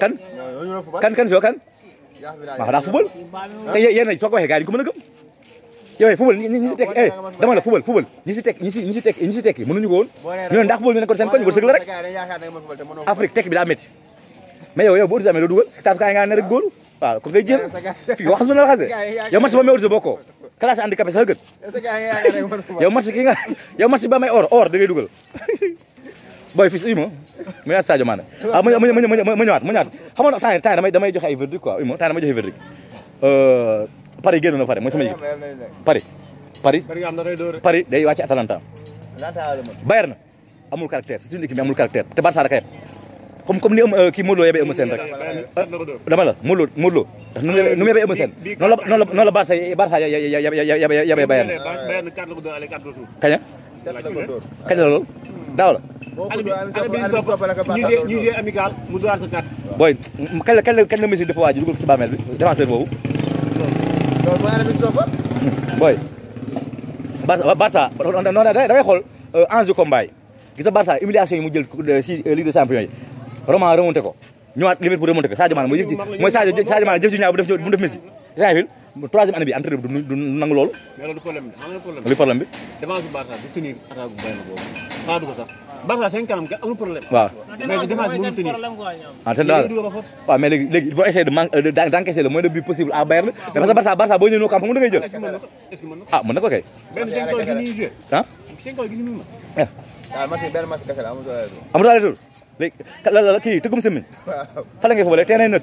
kan kan kan so kan ma fada football sai yana so ko he gari kuma na yo yow eh, football ni ni tek eh dama la football football ni si tek ni si ni si tek ni si tek mënuñu ko woon ñu ndax football ñu ko sen koñ wërsëg la rek afrique tek bi daa metti mais yow yow bo ursamé do dugal secteur ka nga ne rek góolu waaw ko ngay jël fi wax na la xase yow match ba may ursa boko classe handicapé sa gën yow match ki nga yow match ba may or or da ngay dugal boy fils ima mu yaat Sadio Mané ah ma ma ma ma ñëwaat ma ñëwaat xam nga temps temps damay damay joxe ay verdict quoi mo temps damay joxe verdict Paris génn na Paris mooy sama équipe Paris Paris Paris day wàcc Atalanta Bayern amul caractère c'est une équipe mais amul caractère te Barça rek a yem comme comme ni kii Modou Lo yebee Eumeu Sène rek dama la Modou Lo Modou Lo ndax nu noonu la noonu la Barça Barça yebee Bayern la kañ daaw la. amical mu daan sa kat. booy kañ la kañ la kañ la Messi dafa waaj dugal ko si bàmmeel bi défenseur boobu. loolu mooy arbitre soofa. da ngay xool euh, enjeu combat yi gis nga Barça humiliation yi mu jël euh, si euh, Ligue des yi vraiment remonté ko ñëwaat limite pour remonté ko Sadio Mané mooy mooy Sadio ji ñaaw bu def bu def Messi. yaa troisième année bi entraîneur bi du nangu loolu. mais loolu problème bi xam nga problème bi. lu problème bi. défense Barça du tenir attaque bu bëri na boobu. xaatu ko sax Barça seen kanam ga amul problème. waaw mais défense mënu tenir. ah te daal waaw mais léegi léegi il faut essayer de man euh, d'encaisser le moins de but possible à Bayern la. mais parce que Barça Barça boo ñëwee camp xam ngay jël. ah mën na kay. benn seen kaw gi ñuy joué. Eh. ah seen kaw gi ñu mën. waaw match benn match kese la amul doole retour. amul doole retour léegi la la kii tëggum semaine. waaw la ngay terrain neex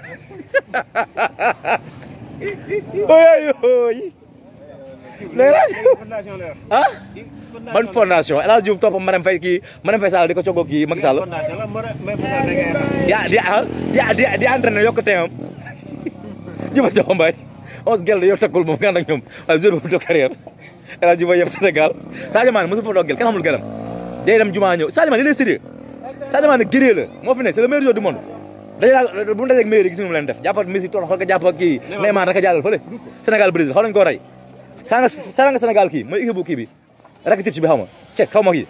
ooy ooy ah ban fondation El Hadj topp Marème Faye kii Marème Faye di ko cogoo kii Macky ah, ah, di di yokk teemam ñu ma jox mbay onze gel yow takkul moom nga ñoom waaye jour boobu def carrière El Hadj Diouf a yem Sénégal Sadio Mané gel kenn xamul gëram day dem jumaa ñëw Sadio Mané li lay sérieux Sadio Mané moo fi ne c'est le dañu laa bu mu dajeeg mairie gis nga mu leen def jàppal Messi tool xool nga jàpp ak kii Neymar naka jàllal fële Sénégal Brésil xaw nañu koo rey saa nga saa nga Sénégal kii mooy équipe bu kii bi Rakitic bi xaw ma Tchèque xaw ma kii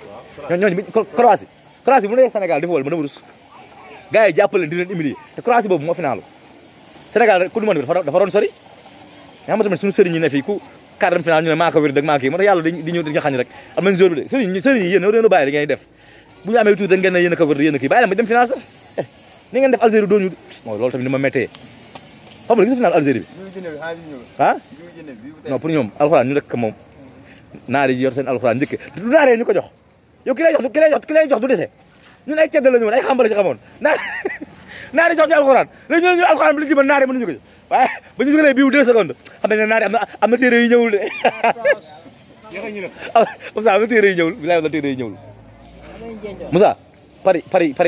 ñooñu Croatie Croatie bu mu dajeeg Sénégal dafa wal ma dama rus gars yi jàppale di leen humilier te Croatie boobu moo finaalu Sénégal rek ku du mën bi dafa roon sori nga xamante ne suñu sëriñ ñi ne fii ku quart de finale ñu ne maa ko wér dëgg maa kii moo tax yàlla di ñu di nga xañ rek am nañ jour bi de sëriñ sëriñ yi yéen a bàyyi li ngeen def bu ñu amee tuuti ngeen ne yéen a ko wér yéen a kii bàyyi leen ba dem finale sax ni ngeen def Algérie dooñu mooy lool tamit ni ma méttee xam nga gis nga final Algérie bi ah non pour ñoom alxuraan ñu nekk moom naar yi yor seen alxuraan njëkk du naaree ñu ko jox yow ki lay jox ki lay jox ki lay jox du dese ñun ay cedd la ñu woon ay xambala ci xamoon naar naari jox ñu alxuraan léegi ñu ñu alxuraan naar li ci mën naari mënuñu ko jox waaye ba ñu dugalee biiw deux secondes xam nañ ne am na am na téere yu ñëwul de ah, Moussa am na téere yu ñëwul bilaay am na téere yu ñëwul Moussa Paris Paris de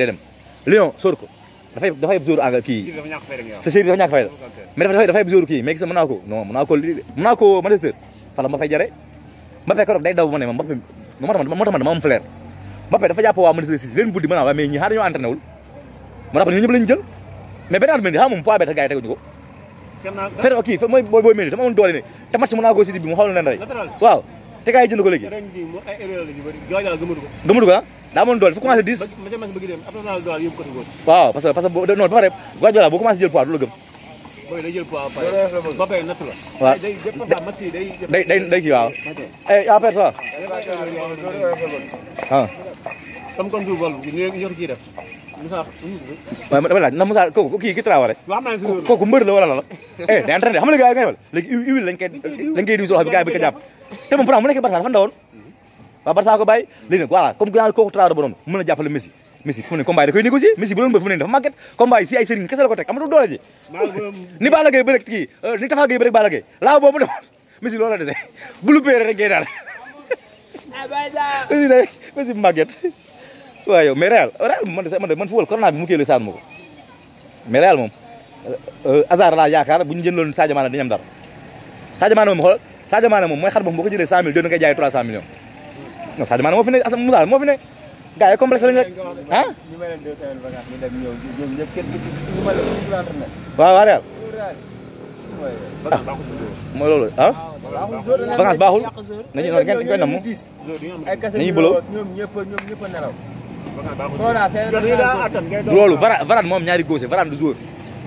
dem Lyon sóor ko dafay dafa yeb jour angal kii te Chérif dafa ñàkk fayda mais fala Mbappé jare Mbappé keroog day daw ma ne ma Mbappé moo tax man dama am flair Mbappé dafa jàpp waa Manchester City jël mais benn at mel ni xam moom poids bi tax gars yi teguñu te kaay jënd ko léegi. ren jii moom ay erreur la ñu bëri gaaw yàlla gëmatu ko. gëmatu ko ah daa amoon doole fu commencé diis. ba na naa doole yóbbu waaw parce boo non pare gaaw yàlla boo commencé jël poids du la gëm. booy day kii waaw. ay affaire ça. ah. comme comme du ko ciy kii ki Traoré. waaw maa ngi kooku mbër la wala la. eh day entraîné xam nga nga xamal léegi huile lañ koy lañ koy te moom pourtant mu nekkee Barça dafa ndawoon waaw Barça ko bàyyi léegi nag voilà comme gannaaw kooku Traoré ba noonu a jàppale Messi Messi fu mu ne combat yi da koy négocier Messi bu doon bëri fu mu ne si ay sëriñ kese ko teg amatul doole ji ni Balla Gaye bëri euh, ni Tafa Gaye bëri Balla Gaye laa boobu dem Messi loolu dese bu lu péere rek Messi day Messi màgget waaw Real Real man de man de mu kii la saan ma ko mais Real moom euh, euh, hasard laa yaakaar bu ñu jëndoon Sadio Mané saa Mané moom mooy xar boobu boo ko jëlee 100000 doon na koy jaayee 300 millions non Sadio Mané moo fi ne Assane moo fi ne gars yi complexe lañ rek ah, loolu ah. vacance baaxul nañu noonu ngeen koy moom ñaari gauche Varane du joueur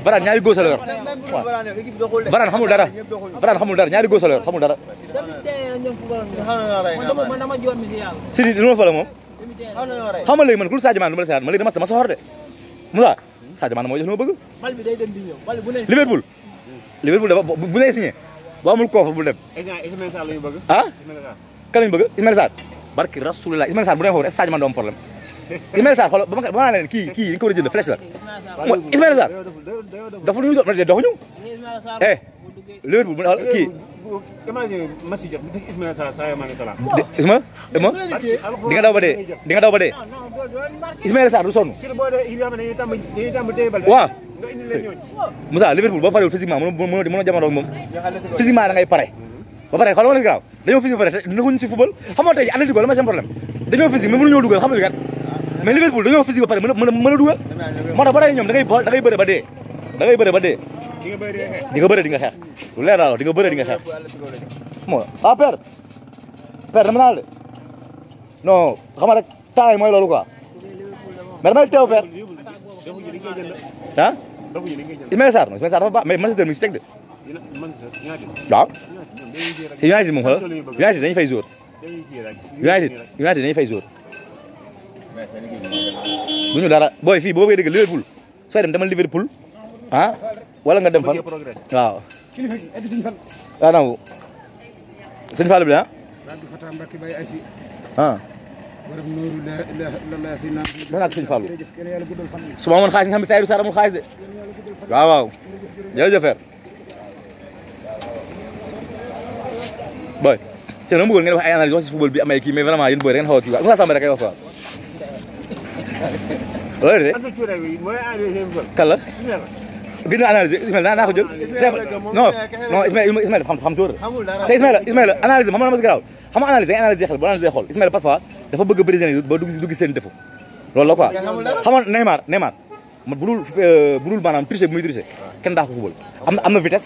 Varane ñaari góos la yor waaw dara Varane xamul dara ñaari góos la yor xamul dara. si li ma fa la moom. xam nga man ku Sadio Mané lu ma la seetaan man léegi dama dama soxor de Moussa ma bëgg. Liverpool. Liverpool dafa bu lay signé boo amul koofa bul dem. ah kan lañ bëgg Ismaïla Sarr barki Rasulullah Ismaïla Sarr bu demee foofu est-ce que Sadio Mané Ismaïla Sarr xoolal ba ma naa leen kii kii dañu ko war a jënd flèche la Ismaïla Sarr dafa lu ñu doon doxuñu eh léwét bu xool kii Isma Isma di nga daw ba dee nga daw ba dee Ismaïla Sarr du sonn waaw Moussa boo paree physiquement mënoo mënoo jamono ak moom physiquement da ngay pare ba pare xoolal ma la gaaw dañoo physique pare te dinaguñ si football xam nga tey Atlético la ma seen problème dañoo physique mais mënuñoo dugal xam nga kat mais Liverpool dañoo physique ba pare mën a mën a dugal moo tax ba tey ñoom da dee da ngay bëre ba dee di nga bëre di nga xeex lu leer daal di nga bëre di nga xeex moo ah père père dama naan de non xam nga rek temps yi mooy loolu quoi mais damay teew père ah Ismaïla Sarr non Ismaïla si United moom xoolal United dañu fay jour United United dañu fay jour du ñu dara booy fii boo koy dégg Liverpool sooy dem demal Liverpool ah wala nga dem fan waaw. waaw ah, nangu sëñ Fallou bi ah. ah. man ak sëñ Fallou su nga xam ne Tahirou Sarr amul xaalis de waaw waaw jërëjëf boy seen ma bëggoon ngeen analyse wax football bi am kii mais vraiment yéen booy da ngeen xaw a kii quoi nga sàmm rek wax quoi wala de. kala. gis nga analyser Ismaël naa ko jël. non non Ismaël Ismaël dafa xam sóor la. c'est Ismaël Ismaël analyser moom la ma si garaaw analyse da boo analyser xool Ismaël parfois dafa bëgg a bëri ba dugg dugg seen defu loolu la quoi xam Neymar Neymar man bu dul bu dul kenn daa ko football am na am na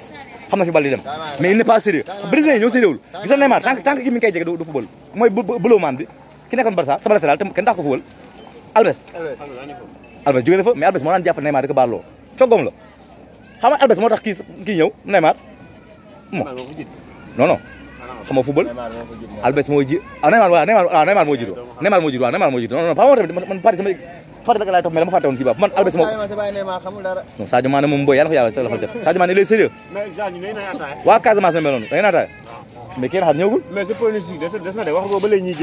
na fi bal di dem mais il n'est pas sérieux brésilien yi ñoo sérieux wul Neymar tant ki mi ngi koy du football mooy bëloo maan ki nekkoon Barça sama latéral te kenn daa ko football Albes Albes juga dafa mais Albes mo nan japp Neymar rek ballo. baalloo coggoom la xam nga Albes motax ki ki ñew Neymar non non xam nga football Albes mo ji ah, Neymar wa Neymar waaw ah, Neymar moo jiitu Neymar moo jiitu wa Neymar moo jiitu non non pas mo tamit man Paris sama fàtte rek laay topp mais dama faté won ci ba man Albes dara. non Sadio Mané mo mboy yalla ko yalla lafal cat Sadio Mané il est sérieux Wa Casamance ah, na mel noonu dañuy naataa mais ba lay ñi.